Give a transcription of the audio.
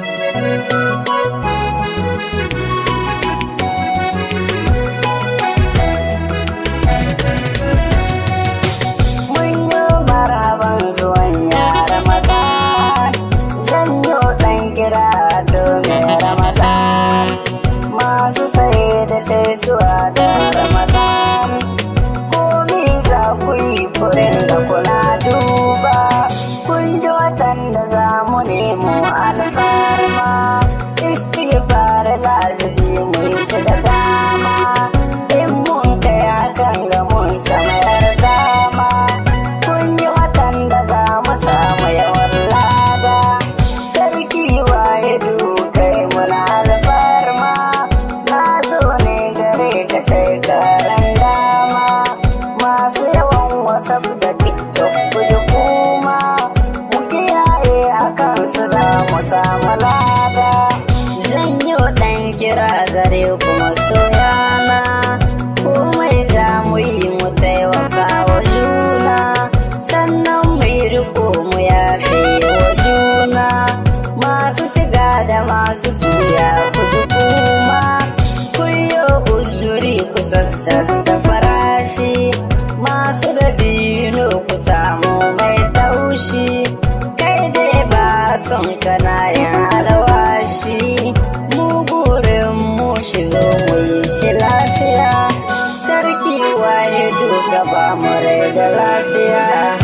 thank you kira gare kuma soyana komai za mu yi mu taimaka wa juna sannan mu yi riko mu fi wa juna masu siga da masu suya ku kuma ku yi uzuri ku sassa mu shi lafiya sarki wahidu gaba mu da lafiya